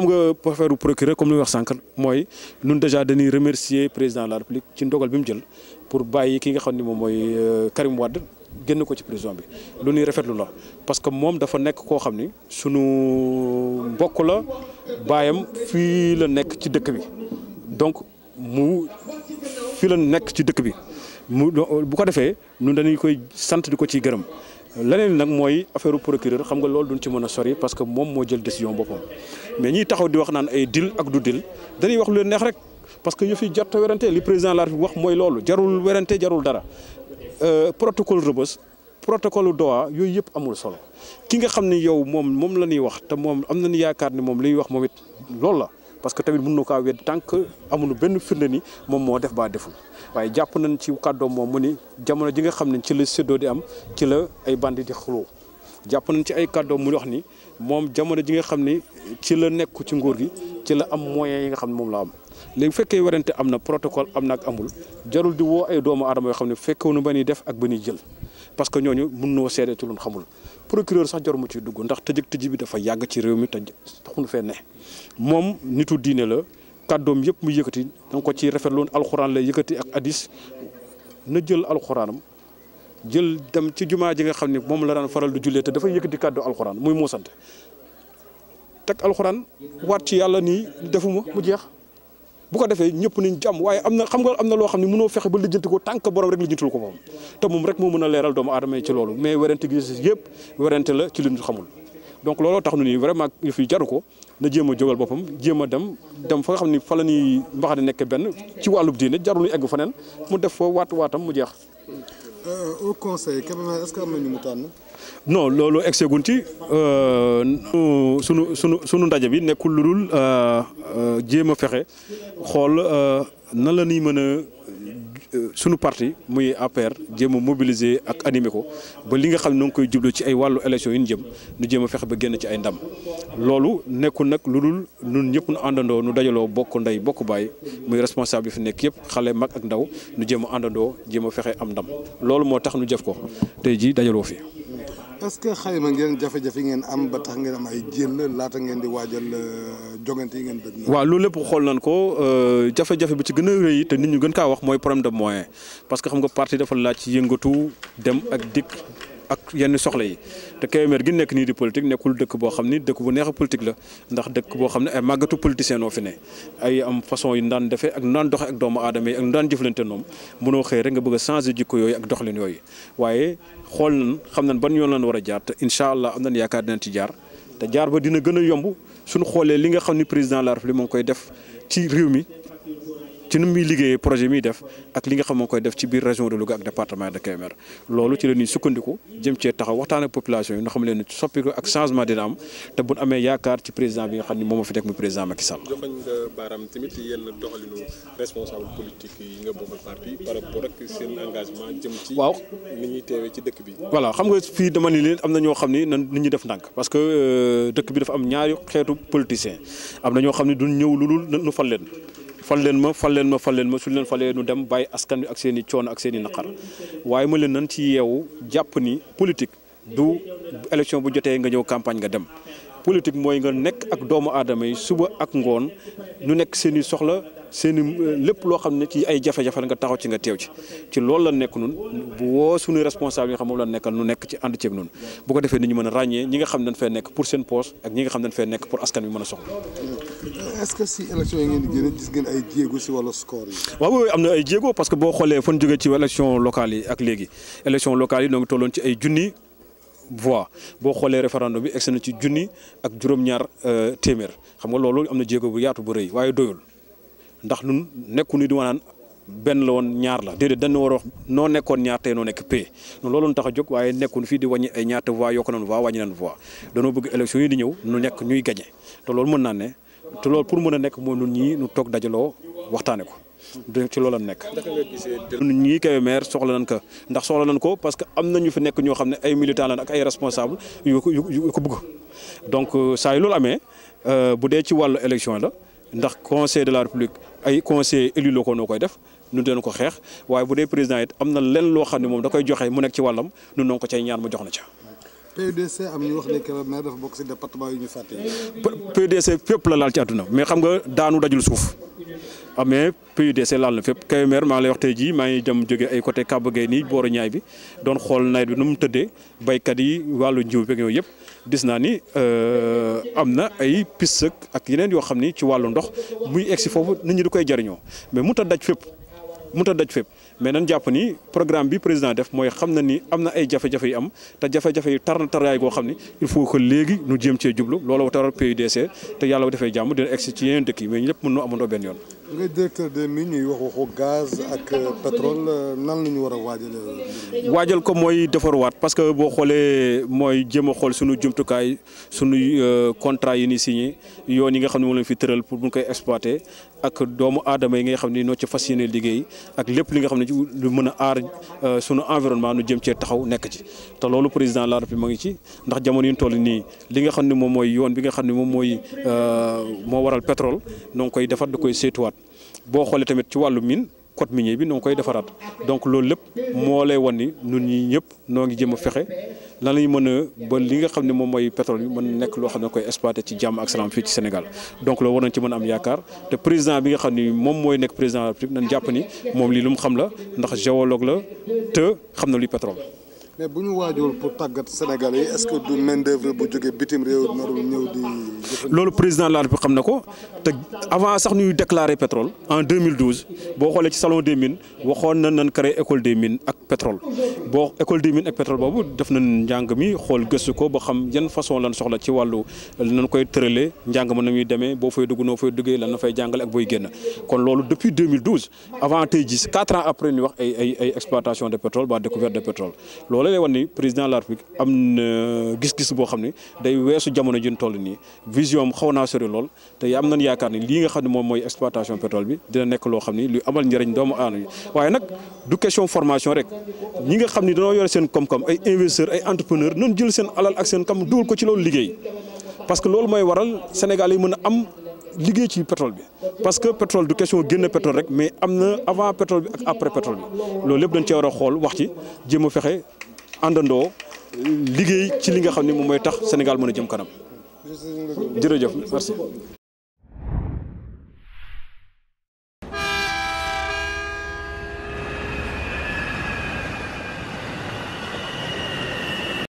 xam nga préfet procureur comme li wax sànq mooy ñun déjà dañuy remercier président de la république ci ndogal bi mu jël pour bàyyi ki nga xam ne moom mooy euh, Karim Wade génn ko ci prison bi lu ñuy rafetlu la parce que moom dafa nekk koo xam ni sunu mbokk la baayam fii la nekk ci dëkk bi donc mu fii la nekk ci dëkk bi mu bu ko defee ñun dañuy koy sant di ko ciy gërëm. leneen nag mooy affaire procureur xam nga loolu duñ ci mën a sori parce que moom moo jël décision boppam mais ñiy taxaw di wax naan ay dil ak du dil dañuy wax lu leen neex rek parce que yëf yi jot werantee li président de la wax mooy loolu jarul werante jarul dara euh, protocole Rebeuss protocole Doha yooyu yëpp amul solo ki nga xam ni yow moom moom la ñuy wax te moom am nañu yaakaar ne moom li ñuy wax moom it loolu la. parce que tamit mun na kaa wedd que amuñu benn firnde ni moom moo def baa deful waaye jàpp nañ ci kàddoom moom mu ni jamono ji nga xam ne ci la séddoo di am ci la ay bandi di xuloo jàpp nañ ci ay kàddoom mu wax ni moom jamono ji nga xam ni ci la nekk ci ngóor gi ci la am moyens yi nga xam ne moom la am léegi fekkee werante am na protocole am na ak amul jarul di woo ay doomu aadama yoo xam ne fekkewu nu ba ñuy def ak ba ñuy jël parce que ñooñu mun noo seede ci lu xamul procureur sax jor mu ciy dugg ndax tëjëg tëj bi dafa yàgg ci réew mi te taxul fee ne moom nitu diine la kàddoom yëpp mu yëkkati danga ko ci rafetloon alxuraan la yëkkati ak hadis na jël alxuraanam jël dem ci jumaa ji nga xam ne moom la daan faral du jullee te dafay yëkkati kàddu alxuraan muy muusante teg alxuraan waat ci yàlla nii defuma mu jeex. bu ko defee ñëpp nañ jàmm waaye am na xam nga am na loo xam ne mënoo fexe ba lijjanti ko tànk borom rek lijjantul ko moom te moom rek moo mën a leeral doomu aadama yi ci loolu mais werante gis yëpp werante la ci li ñu xamul donc looloo tax nu ni vraiment yu fi jaru ko na jéem a boppam jéem a dem dem fa nga xam ni fa la ñuy mbaxane nekk benn ci wàllub diine jarul ñu egg neen mu def fa waat waatam mu jeex Euh, au conseil Kébémer est ñu mu tànn. non loolu egg seegun ci euh, sunu sunu sunu ndaje bi nekkul lu dul euh, jéem a fexe xool nan la ñuy mën a. sunu parti muy APR jéem a mobiliser ak animer ko ba li nga xam ne ngi koy jublu ci ay wàllu élection yu ñu jëm nu jéem a fexe ba génn ci ay ndam loolu nekkul nag lu dul nun ñëpp nu àndandoo nu dajaloo bokk ndey bokk baay muy responsable yi fi nekk yëpp xale mag ak ndaw nu jéem a àndandoo jéem a fexe am ndam loolu moo tax nu jëf ko tey jii dajaloo fi parce que xayma ngeen jafe-jafe ngeen am ba tax ngeen am ay jël laata ngeen di waajal euh, jogante yi ngeen dëgg. waa loolu lépp xool nañ ko euh, jafe-jafe bi ci gën a rëy te nit ñu gën kaa wax mooy problème de moyen parce que xam nga parti dafa laaj ci yëngatu dem ak dikk. ak yenn soxla yi te Kébémer gi nekk nii di politique nekkul dëkk boo xam ni dëkk bu neex politique la ndax dëkk boo xam ne ay màggatu politicien noo fi ne ay am façon yu daan defee ak daan doxe ak doomu aadama yi ak daan jëflante noom mënoo xëy rek nga bëgg a changer jikko yooyu ak doxalin yooyu waaye xool nan xam nan ban yoon lan war a jaar te incha allah am nañ yaakaar dinañ ci jaar te jaar ba dina gën a yomb suñu xoolee li nga xam ni président la république moo ngi koy def ci réew mi ci nu muy liggéeyee projet miy def ak li nga xam moo koy def ci biir région de Louga ak département de Kébémer loolu ci la ñuy sukkandiku jëm cee taxaw waxtaan ak population yi nga xam leen soppi ko ak changement dina te amee yaakaar ci bi nga xam ni moom moo fi nekk muy président tamit yenn doxalinu responsable politique yi nga bokkal waaw ci dëkk bi. voilà xam nga fii dama ni am na ñoo xam ni nan nit ñi def ndànk parce que euh, dëkk bi dafa am ñaari xeetu politicien am na ñoo xam ne du ñëw lu dul nu fal leen fal leen ma fal leen ma fal leen ma suñ leen falee nu dem bàyyi askan wi ak seen i coono ak seen naqar waaye ma leen nan ci yeewu jàpp ni politique du élection bu jotee nga ñëw campagne nga dem politique mooy nga nekk ak doomu aadama yi suba ak ngoon ñu nekk seen i soxla. seen euh, lépp loo xam ne ci ay jafe-jafe nga taxaw ci nga teew ci ci loolu la nekk nun bu woo suñu responsable yi nga xam moom la nekk ci ànd ceeg noonu bu ko defee ni ñu mën a ràññee ñi nga xam ne fee nekk pour seen poche ak ñi nga xam dañ fee nekk pour askan bi mën que si élection yi ngeen di génn gis ngeen ay am na ay jéego parce que boo xoolee fan jógee ci élection locale yi ak léegi élection local yi ñoo ngi tolloon ci ay junni voix boo xoolee référendum bi egg na ci junni ak juróom-ñaar euh, téeméer xam nga loolu am na jéego bu yaatu bu rëy waaye doyul ndax nun nekku ni di ma naan benn la woon ñaar la déedéet dañu war noo nekkoon ñaar tey noo nekk p noonu loolu tax a jóg waaye nekkun fii di wàññi ay ñaata voix yokk nañ voix wàññi nañ voix dañoo bëgg élection yi di ñëw nu nekk ñuy gañe te loolu mën na ne te lool pour mën a nekk mooy nun ñii nu toog dajaloo waxtaane ko du ci loolam nekk ñii kawe maire soxla nañ ko ndax soxla nañ ko parce que am na ñu fi nekk ñoo xam ne ay militant lañ ak ay responsable yu ko yu ko bëgg donc euh, saay loolu amee euh, bu dee ci wàllu élection la ndax conseil de la république ay conseil élus locaux noo koy def nu deen ko xeex waaye bu dee président it am na lenn loo xam ne moom da koy joxe mu nekk ci wàllam ñun noo ko cay ñaan mu jox na ca. PUDC am ñu wax ne que maire dafa bokk ci département yu ñu fàtte. PUDC fépp la laal ci àdduna mais xam nga daanu dajul suuf amee ah, PUDC laal na fépp kay maire maa ngi lay wax tey jii maa ngi dem jóge ay côté Kaba Gueye nii booru Ñaay bi doon xool nawet bi nu mu tëddee béykat yi wàllu njiw beeg yooyu yëpp. gis naa ni euh, am na ay piste ak yeneen yoo xam ni ci wàllu ndox muy egsi foofu nit ñi du koy jariñoo mais mënut a daj fépp mënut daj fépp mais nan jàpp ni programme bi président def mooy xam na ni am na ay jafe-jafe yu am te jafe-jafe yu tar na taraay goo xam ni il faut que léegi nu jéem cee jublu looloo taral PUDC te yàlla bu defee jàmm dina egsi ci yeneen dëkk yi mais ñëpp mën noo amandoo benn yoon nga directeur des mi ñuy wax waxu gaz ak pétrole nan la ñu war a waajal. waajal ko mooy defarwaat parce que boo xoolee mooy jëm a xool sunu jumtukaay suñu euh, contrat yi ni signé yoon yi nga xam ne moom lañ fi tëral pour buñ koy exploiter ak doomu aadama yi nga xam ne noo ci fas yéene liggéey ak lépp li nga xam ne lu mën a aar euh, suñu environnement nu jëm cee taxaw nekk ci te loolu président la République ma ngi ci ndax jamono yu ñu nii li xam ne moom mooy yoon bi nga xam ne moom mooy euh, moo waral pétrole noo ngi koy defar da koy saytuwaat boo xoolee tamit ci wàllu miin code minier bi noo ngi koy defaraat donc loolu lépp moo lay wan ni ñun ñi ñëpp noo ngi jëm a fexe lan lañu mën a ba li nga xam ne moom mooy pétrole bi mën nekk loo xam ne koy exploité ci jàmm ak salaam fii ci Sénégal donc loolu war nañ ci mën am yaakaar te président bi nga xam ni moom mooy nekk président de jàpp ni moom lii lu xam la ndax géologue la te xam na luy pétrole. mais bu ñu waajul pour tàggat Sénégal yi est-ce que du main d'œuvre bu jógee bitim réew narul ñëw di. loolu président de la République xam na ko te avant sax ñuy déclarer pétrole en 2012 boo xoolee ci salon des mines waxoon na nañ créer école des mines ak pétrole boo école des mines ak pétrole boobu def nañ njàng mi xool gëstu ko ba xam yan façon lan soxla ci wàllu nan koy tëralee njàng ma na muy demee boo fay dugg noo fay duggee lan na fay jàngale ak booy génn kon loolu depuis 2012 avant tey jii quatre ans après ñu wax ay ay ay exploitation de pétrole ba découverte de pétrole loolu lay wan ni la République am na gis-gis boo xam ne day weesu jamono ji ñu nii vision am xaw naa sori lool te am nañ yaakaar ni lii nga xam ne moom mooy exploitation pétrole bi dina nekk loo xam ni luy amal njëriñ doomu aadama waaye nag du question formation rek ñi nga xam ni dañoo yore seen koom ay investisseurs ay entrepreneurs noonu jël seen alal ak seen kam dugal ko ci loolu liggéey parce que loolu mooy waral Sénégal yi mën a am liggéey ci pétrole bi parce que pétrole du question génn pétrole rek mais am na avant pétrole bi ak après pétrole loolu lépp a xool wax li nga xam ne moom mooy tax Sénégal a jëm kanam. jërëjëf merci